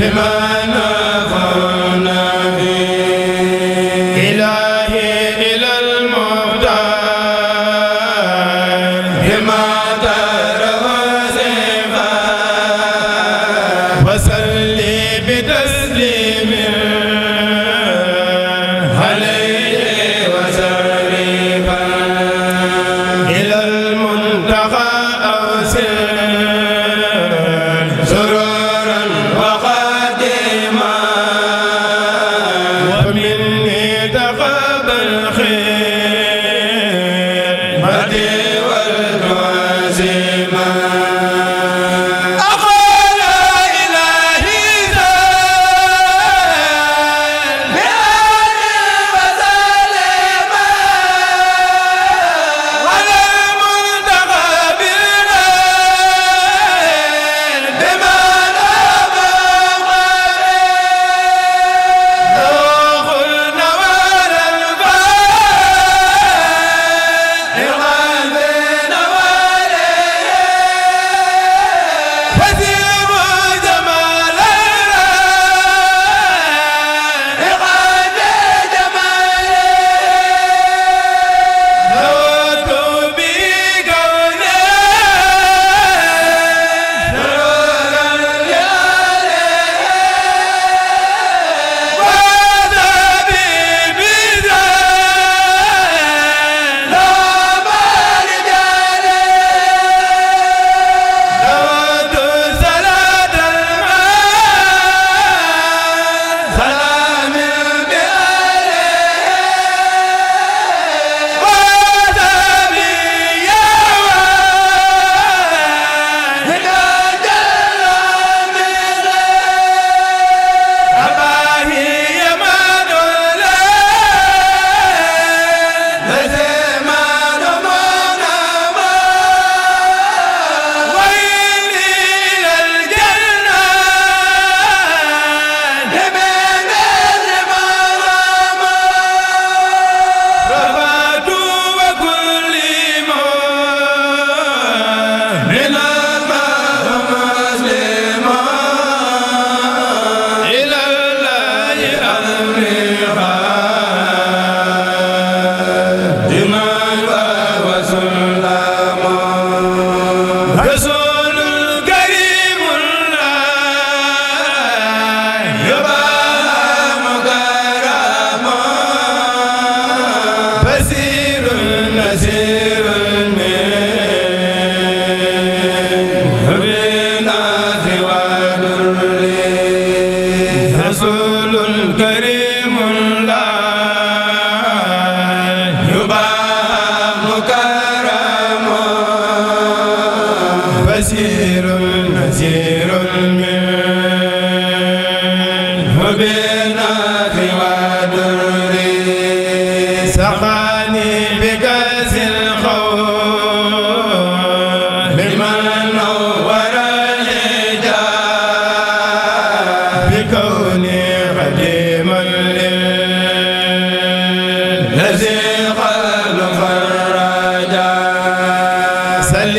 bihima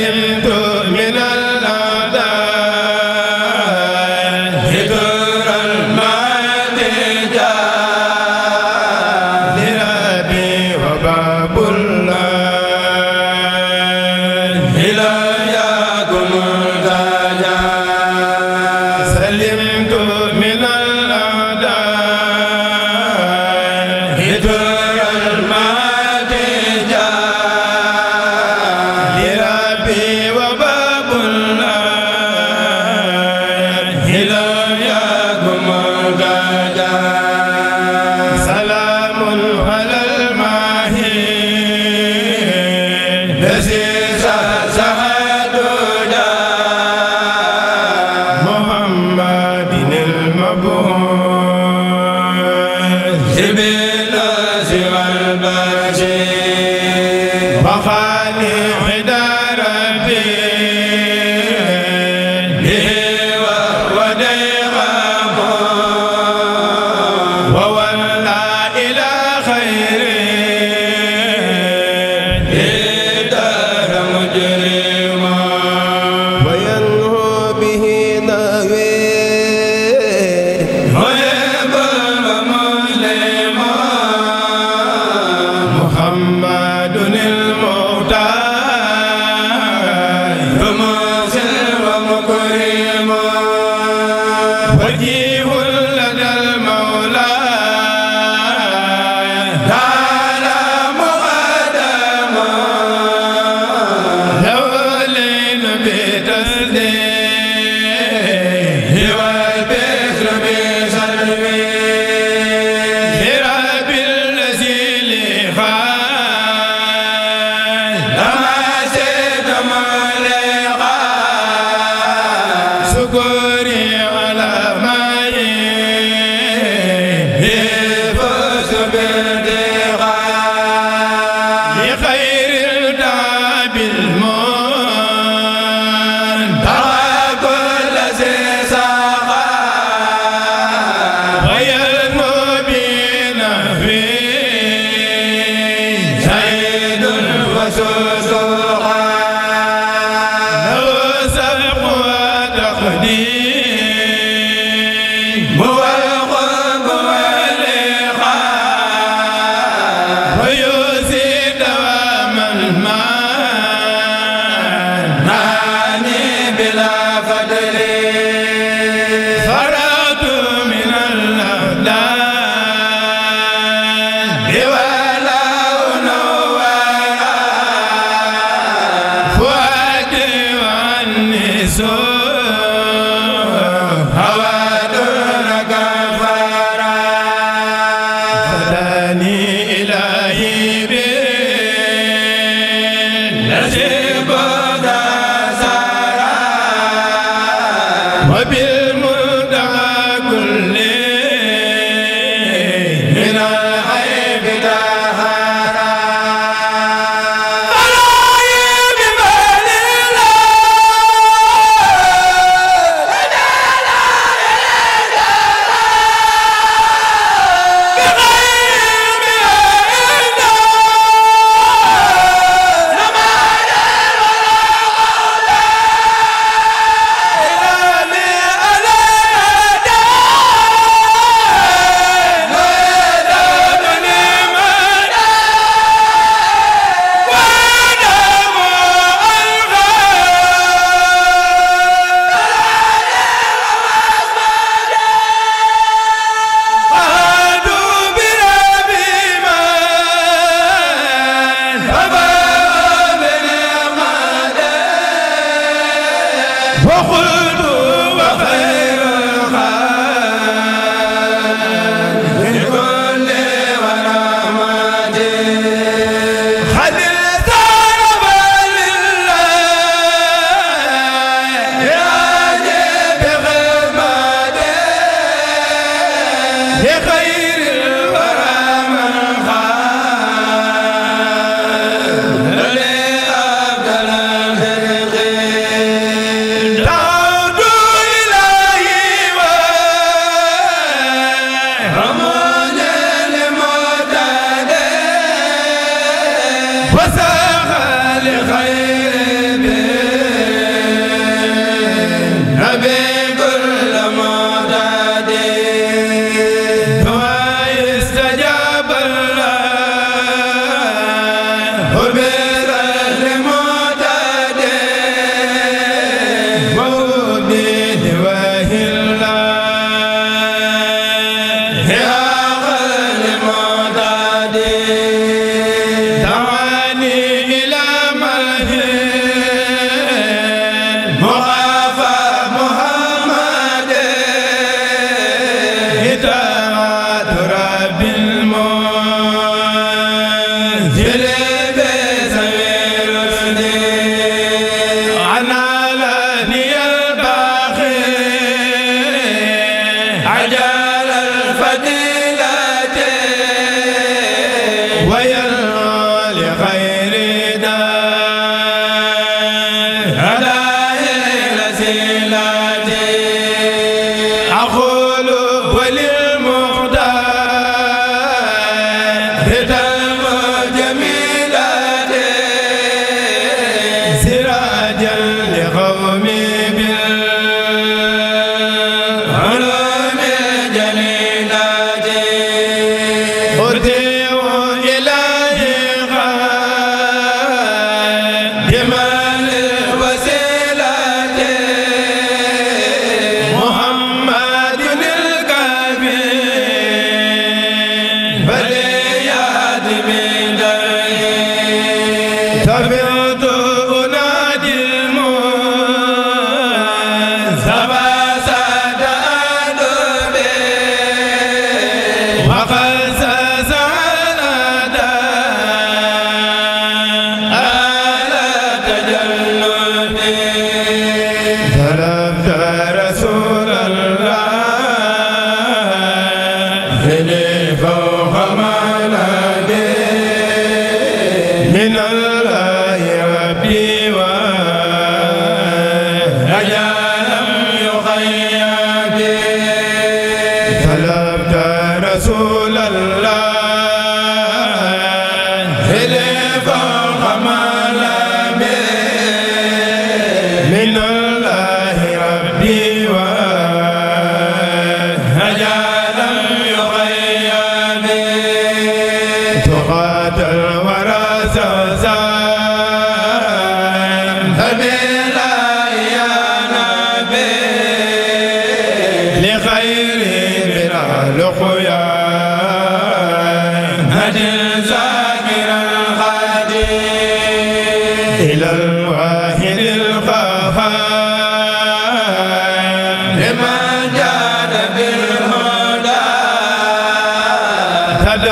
lim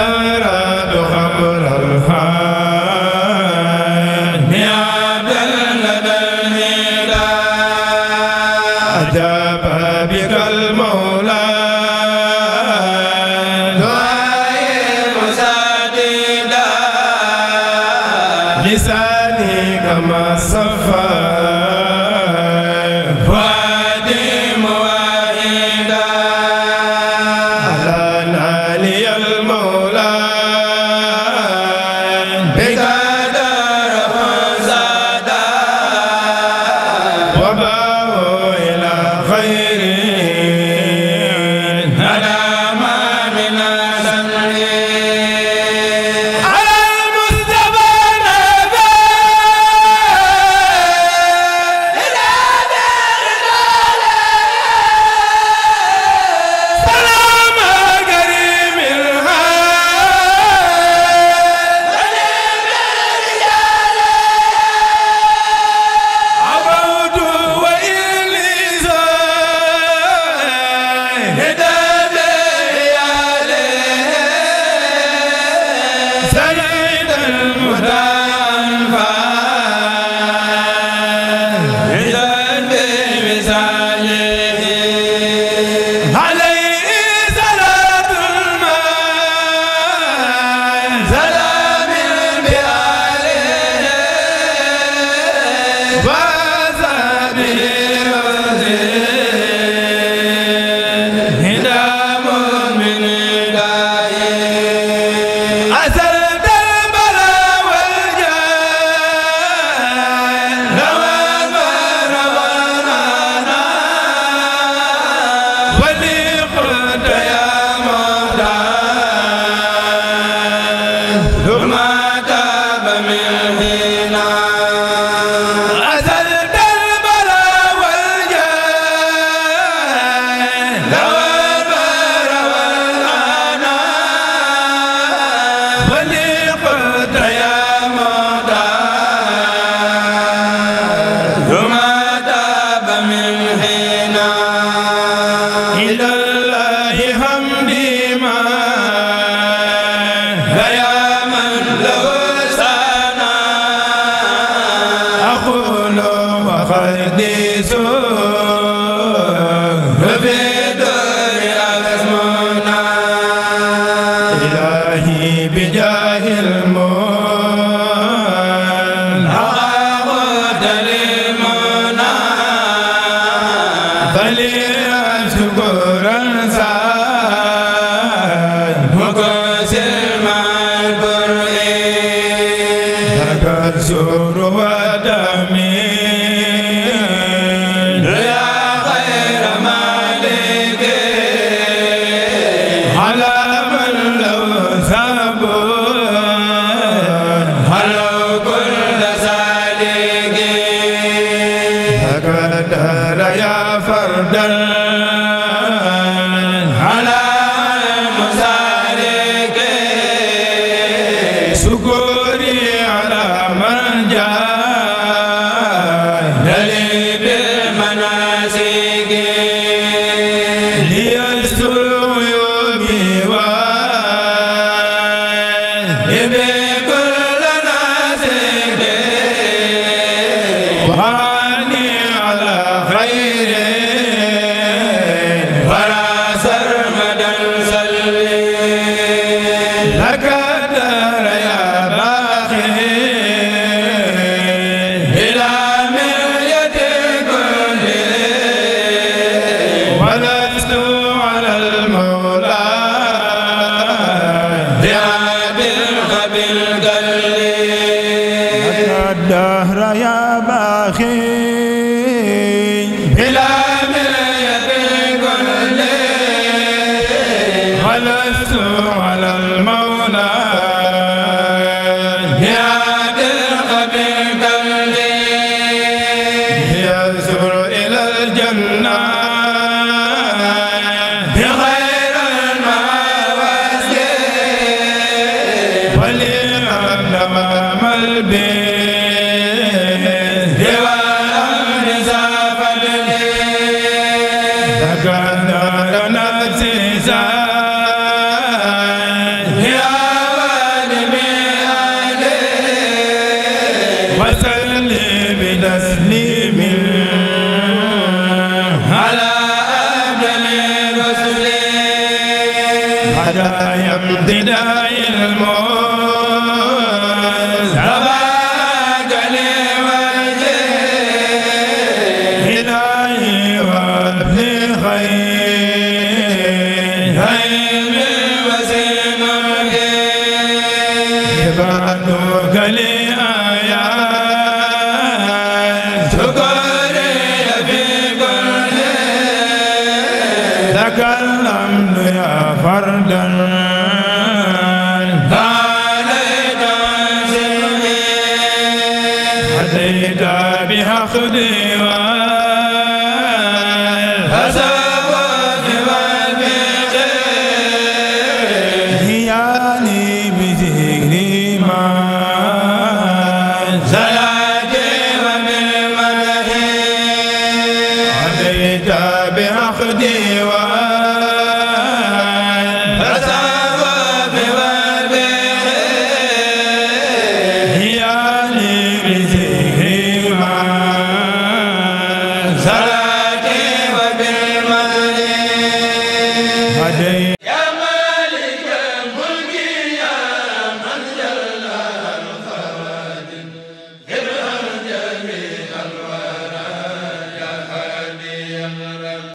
ra لست على المولى هدايا امتداء الموت